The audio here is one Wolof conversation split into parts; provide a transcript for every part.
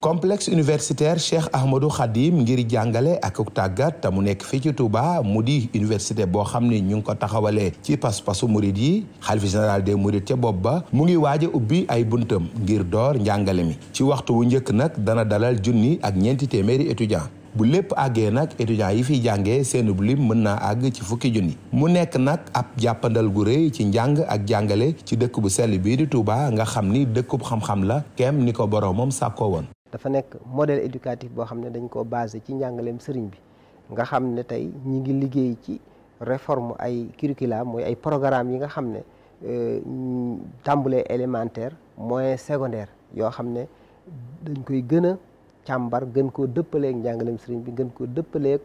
complexe universitaire Cheikh Ahmadou Khadim ngir jàngale ak tàggat te mu nekk fii ci Touba mu di université boo xam ni ñu ngi ko taxawalee ci pas-pasu murid yi xalifa général des mourides ca bopp ba mu ngi waaj a ubbi ay buntam ngir door njàngale mi ci waxtu wu njëkk nag dana dalal junni ak ñeenti téeméeri étudiant bu lépp àggee nag étudiants yi fiy jàngee seen lim mën naa àgg ci fukki junni mu nekk nag ab jàppandal gu rëy ci njàng ak jàngale ci dëkk bu sell bii di Touba nga xam ni dëkkub xam la kem ni ko boroomam sàkkoo woon dafa nekk modèle éducatif boo xam ne dañ koo basé ci njàngaleem sëriñ bi nga xam ne tey ñi ngi liggéey ci réforme ay curricula mooy ay programme yi nga xam ne euh, tàmbulee élémentaire moyen secondaire yoo xam ne dañ koy gën a càmbar gën koo dëppaleeg njàngaleem sëriñ bi gën koo dëppaleek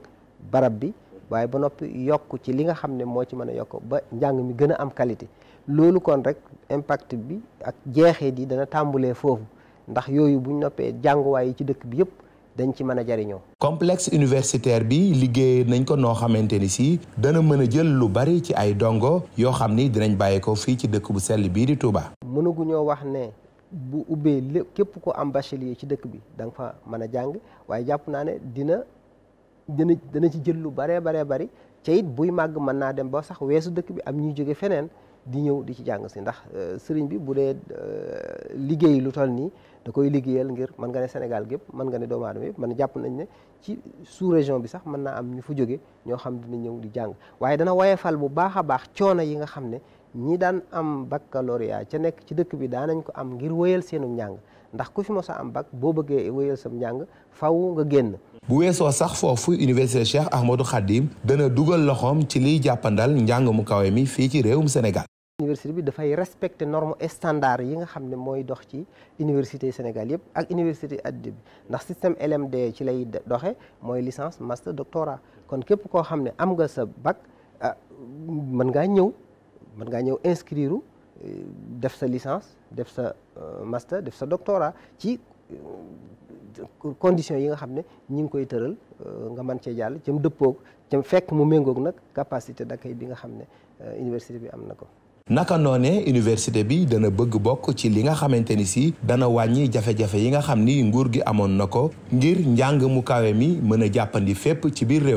barab bi waaye ba noppi yokk ci li nga xam ne moo ci mën a yokk ba njàng mi gën a am qualité loolu kon rek impact bi ak jeexee di dana tàmbulee foofu ndax yooyu buñ noppee jànguwaay yi ci dëkk bi yëpp dañ ci mën a jariñoo complexe universitaire bi liggéey nañ ko noo xamante ni si dana mën a jël lu bari ci ay dongo yoo xam ni dinañ bàyyi ko fii ci dëkk bu sell bii di Touba. mënaguñoo wax ne bu ubbee lépp képp ko am bachelier ci dëkk bi danga nga fa mën a jàng waaye jàpp naa ne dina dina dana ci jël lu baree baree bari ca it buy màgg mën naa dem ba sax weesu dëkk bi am ñuy jóge feneen di ñëw di ci jàng si ndax euh, sëriñ bi bu dee euh, liggéey lu toll nii da koy liggéeyal ngir mën nga ne Sénégal gépp mën nga ne doomu aadama yëpp man jàpp nañ ne ci sous région bi sax mën naa am ñu fa jóge ñoo xam dina ñëw di jàng waaye dana woyefal bu baax a baax coono yi nga xam ne ñi daan am baccalauréat ca nekk ci dëkk bi daan nañ ko am ngir wéyal seenu njàng ndax ku fi mos am bac boo bëggee wéyal sam njàng faw nga génn. bu weesoo sax foofu université Cheikh Ahmadou Khadim dana dugal loxoom ci liy jàppandal njàng mu kawe mi fii ci réewum Sénégal. université bi dafay respecter norme standard yi nga xam ne mooy dox ci université Sénégal yëpp ak université adduna bi ndax système LMD ci lay doxe mooy licence master doctorat kon képp koo xam ne am nga sa bac ah, mën ngaa ñëw mën ngaa ñëw inscrire euh, def sa licence def sa euh, master def sa doctorat ci euh, conditions yi nga xam ne ñi ngi koy tëral nga mën cee jàll jëm dëppoog jëm fekk mu méngoog nag capacité d'accueil bi nga xam ne université bi am na ko naka noonee université bi dana bëgg bokk ci li nga xamante ni si dana wàññi jafe-jafe yi nga xam ni nguur gi amoon na ko ngir njàng mu kawe mi mën a jàppandi fépp ci biir réew